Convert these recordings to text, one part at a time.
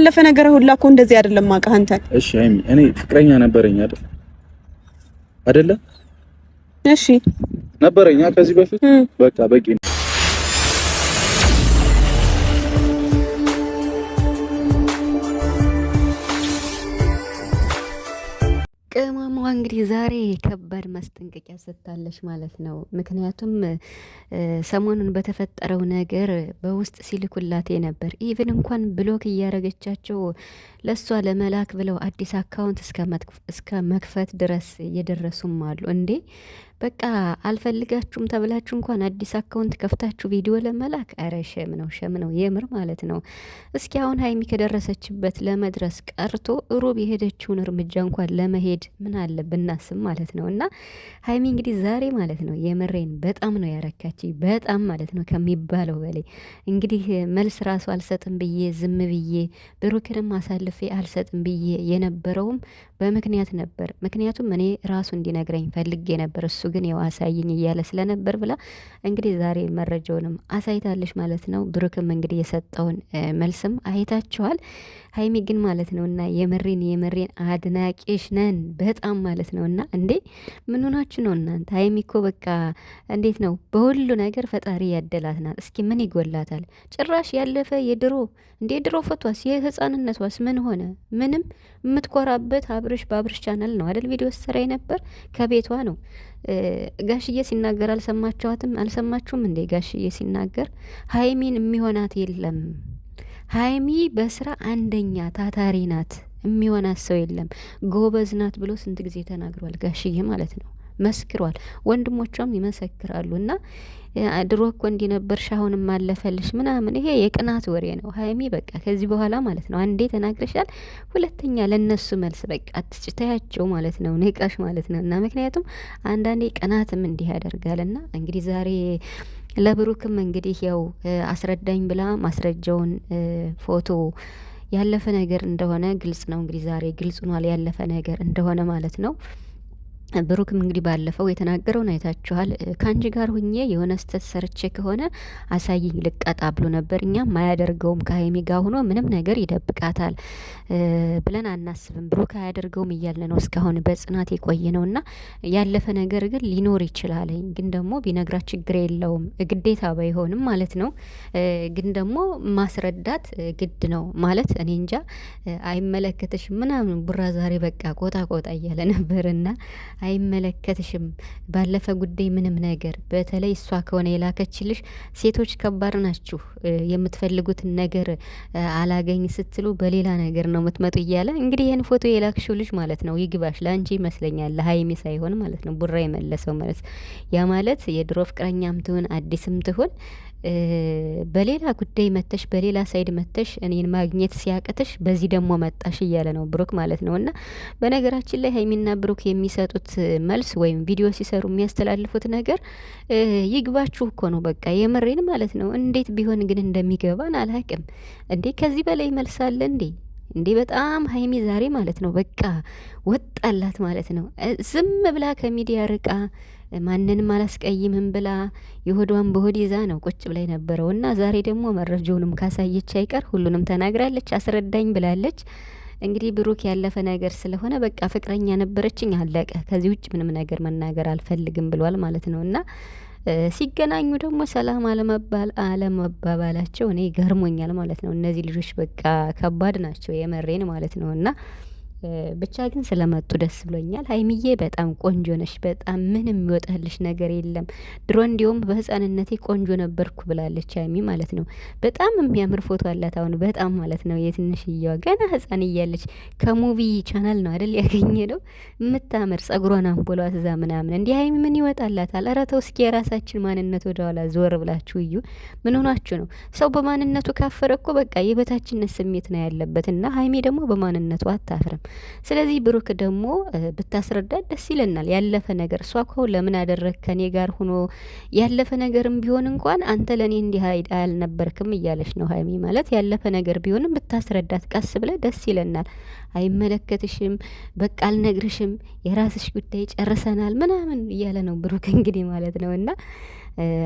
ስላለፈ ነገር ሁላ እኮ እንደዚህ አይደለም ማውቅህ አንተን። እሺ አይሚ፣ እኔ ፍቅረኛ ነበረኝ አይደል? አይደለ? እሺ ነበረኛ ከዚህ በፊት በቃ በቂ ነው። ሰላማዋ እንግዲህ ዛሬ ከባድ ማስጠንቀቂያ ሰጥታለች ማለት ነው። ምክንያቱም ሰሞኑን በተፈጠረው ነገር በውስጥ ሲልኩላቴ ነበር። ኢቭን እንኳን ብሎክ እያረገቻቸው ለእሷ ለመላክ ብለው አዲስ አካውንት እስከ መክፈት ድረስ እየደረሱም አሉ እንዴ በቃ አልፈልጋችሁም ተብላችሁ እንኳን አዲስ አካውንት ከፍታችሁ ቪዲዮ ለመላክ ኧረ ሸም ነው ሸም ነው የምር ማለት ነው። እስኪ አሁን ሀይሚ ከደረሰችበት ለመድረስ ቀርቶ ሩብ የሄደችውን እርምጃ እንኳን ለመሄድ ምን አለ ብናስብ ማለት ነው። እና ሀይሚ እንግዲህ ዛሬ ማለት ነው የምሬን በጣም ነው ያረካች፣ በጣም ማለት ነው ከሚባለው በላይ እንግዲህ መልስ ራሱ አልሰጥም ብዬ ዝም ብዬ ብሩክንም አሳልፌ አልሰጥም ብዬ የነበረውም በምክንያት ነበር። ምክንያቱም እኔ ራሱ እንዲነግረኝ ፈልጌ ነበር እሱ ግን ያው አሳይኝ እያለ ስለነበር ብላ እንግዲህ ዛሬ መረጃውንም አሳይታለች ማለት ነው። ብሩክም እንግዲህ የሰጠውን መልስም አይታችኋል። ሀይሚ ግን ማለት ነው እና የምሬን የምሬን አድናቂሽ ነን በጣም ማለት ነው እና እንዴ ምን ሆናችሁ ነው እናንተ? ሀይሚ እኮ በቃ እንዴት ነው በሁሉ ነገር ፈጣሪ ያደላት ናት። እስኪ ምን ይጎላታል? ጭራሽ ያለፈ የድሮ እንዴ ድሮ ፎቷስ የህፃንነት ምን ሆነ? ምንም የምትኮራበት አብርሽ በአብርሽ ቻናል ነው አደል ቪዲዮ ሰራ ነበር ከቤቷ ነው ጋሽዬ ሲናገር አልሰማችኋትም? አልሰማችሁም እንዴ? ጋሽዬ ሲናገር ሀይሚን የሚሆናት የለም ሀይሚ በስራ አንደኛ ታታሪ ናት፣ የሚሆናት ሰው የለም፣ ጎበዝ ናት ብሎ ስንት ጊዜ ተናግሯል ጋሽዬ ማለት ነው። መስክሯል። ወንድሞቿም ይመሰክራሉ እና ድሮ እኮ እንዲህ ነበርሽ አሁንም አለፈልሽ ምናምን፣ ይሄ የቅናት ወሬ ነው። ሀይሚ በቃ ከዚህ በኋላ ማለት ነው አንዴ ተናግረሻል፣ ሁለተኛ ለነሱ መልስ በቃ አትጭታያቸው ማለት ነው፣ ንቃሽ ማለት ነው። እና ምክንያቱም አንዳንዴ ቅናትም እንዲህ ያደርጋል። እና እንግዲህ ዛሬ ለብሩክም እንግዲህ ያው አስረዳኝ ብላ ማስረጃውን ፎቶ ያለፈ ነገር እንደሆነ ግልጽ ነው። እንግዲህ ዛሬ ግልጽ ሆኗል፣ ያለፈ ነገር እንደሆነ ማለት ነው። ብሩክም እንግዲህ ባለፈው የተናገረውን አይታችኋል። ከአንቺ ጋር ሁኜ የሆነ ስተት ሰርቼ ከሆነ አሳይኝ ልቀጣ ብሎ ነበር። እኛም አያደርገውም ከሀይሚ ጋር ሆኖ ምንም ነገር ይደብቃታል ብለን አናስብም። ብሩክ አያደርገውም እያለ ነው እስካሁን በጽናት የቆየ ነው እና ያለፈ ነገር ግን ሊኖር ይችላለኝ። ግን ደግሞ ቢነግራ ችግር የለውም ግዴታ ባይሆንም ማለት ነው። ግን ደግሞ ማስረዳት ግድ ነው ማለት እኔ እንጃ አይመለከተሽ ምናምን ቡራ ዛሬ በቃ ቆጣ ቆጣ እያለ ነበርና አይመለከትሽም። ባለፈ ጉዳይ ምንም ነገር በተለይ እሷ ከሆነ የላከችልሽ ሴቶች ከባድ ናችሁ። የምትፈልጉትን ነገር አላገኝ ስትሉ በሌላ ነገር ነው የምትመጡ እያለ እንግዲህ ይህን ፎቶ የላክሽው ልጅ ማለት ነው ይግባሽ ለአንቺ ይመስለኛል ለሀይሚ ሳይሆን ማለት ነው ቡራ የመለሰው ማለት ያ ማለት የድሮ ፍቅረኛም ትሁን አዲስም ትሁን በሌላ ጉዳይ መተሽ በሌላ ሳይድ መተሽ እኔን ማግኘት ሲያቅትሽ በዚህ ደግሞ መጣሽ እያለ ነው ብሩክ ማለት ነው። እና በነገራችን ላይ ሀይሚና ብሩክ የሚሰጡት መልስ ወይም ቪዲዮ ሲሰሩ የሚያስተላልፉት ነገር ይግባችሁ እኮ ነው። በቃ የምሬን ማለት ነው። እንዴት ቢሆን ግን እንደሚገባን አላቅም። እንዴ ከዚህ በላይ መልስ አለ እንዴ? እንዴ በጣም ሀይሚ ዛሬ ማለት ነው በቃ ወጣላት ማለት ነው። ዝም ብላ ከሚዲያ ርቃ ማንንም አላስቀይምም ብላ የሆዷን በሆድ ይዛ ነው ቁጭ ብላይ ነበረው እና ዛሬ ደግሞ መረጃውንም ካሳየች አይቀር ሁሉንም ተናግራለች፣ አስረዳኝ ብላለች። እንግዲህ ብሩክ ያለፈ ነገር ስለሆነ በቃ ፍቅረኛ ነበረችኝ አለቀ፣ ከዚህ ውጭ ምንም ነገር መናገር አልፈልግም ብሏል ማለት ነው እና ሲገናኙ ደግሞ ሰላም አለመባል አለመባባላቸው እኔ ገርሞኛል ማለት ነው። እነዚህ ልጆች በቃ ከባድ ናቸው የመሬን ማለት ነው እና ብቻ ግን ስለመጡ ደስ ብሎኛል። ሀይሚዬ በጣም ቆንጆ ነሽ፣ በጣም ምንም የሚወጣልሽ ነገር የለም። ድሮ እንዲሁም በህፃንነቴ ቆንጆ ነበርኩ ብላለች ሀይሚ ማለት ነው። በጣም የሚያምር ፎቶ አላት አሁን በጣም ማለት ነው። የትንሽየዋ ገና ህፃን እያለች ከሙቪ ቻናል ነው አይደል ያገኘ ነው የምታምር ጸጉሯን አንቦሏ ትዛ ምናምን እንዲህ ሀይሚ ምን ይወጣላታል? ኧረ ተው እስኪ የራሳችን ማንነት ወደኋላ ዞር ብላችሁ እዩ። ምን ሆናችሁ ነው? ሰው በማንነቱ ካፈረ እኮ በቃ የበታችነት ስሜት ነው ያለበት እና ሀይሜ ደግሞ በማንነቱ አታፍርም። ስለዚህ ብሩክ ደግሞ ብታስረዳት ደስ ይለናል። ያለፈ ነገር እሷ ኮ ለምን አደረግ ከኔ ጋር ሆኖ ያለፈ ነገርም ቢሆን እንኳን አንተ ለእኔ እንዲህ አልነበርክም እያለች ነው ሀይሚ ማለት። ያለፈ ነገር ቢሆንም ብታስረዳት ቀስ ብለ ደስ ይለናል። አይመለከትሽም፣ በቃ አልነግርሽም፣ የራስሽ ጉዳይ ጨርሰናል ምናምን እያለ ነው ብሩክ እንግዲህ ማለት ነው እና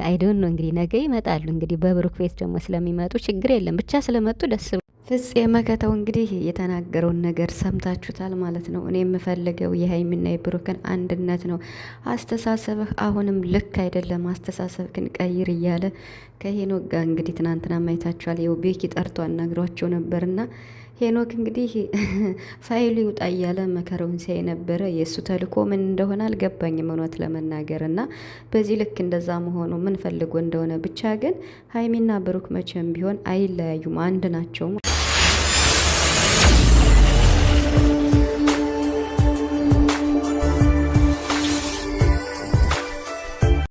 አይዶን ነው እንግዲህ ነገ ይመጣሉ። እንግዲህ በብሩክ ቤት ደግሞ ስለሚመጡ ችግር የለም ብቻ ስለመጡ ደስ ፍፄ መከተው እንግዲህ የተናገረውን ነገር ሰምታችሁታል ማለት ነው። እኔ የምፈልገው የሀይሚና የብሩክን አንድነት ነው። አስተሳሰብህ አሁንም ልክ አይደለም፣ አስተሳሰብህን ቀይር እያለ ከሄኖክ ጋር እንግዲህ ትናንትና ማየታችኋል። የው ቤኪ ጠርቶ አናግሯቸው ነበርና ሄኖክ እንግዲህ ፋይሉ ይውጣ እያለ መከረውን ሲያይ ነበረ። የእሱ ተልእኮ ምን እንደሆነ አልገባኝም እውነት ለመናገር እና በዚህ ልክ እንደዛ መሆኑ ምን ፈልጎ እንደሆነ ብቻ ግን ሀይሚና ብሩክ መቼም ቢሆን አይለያዩም፣ አንድ ናቸው።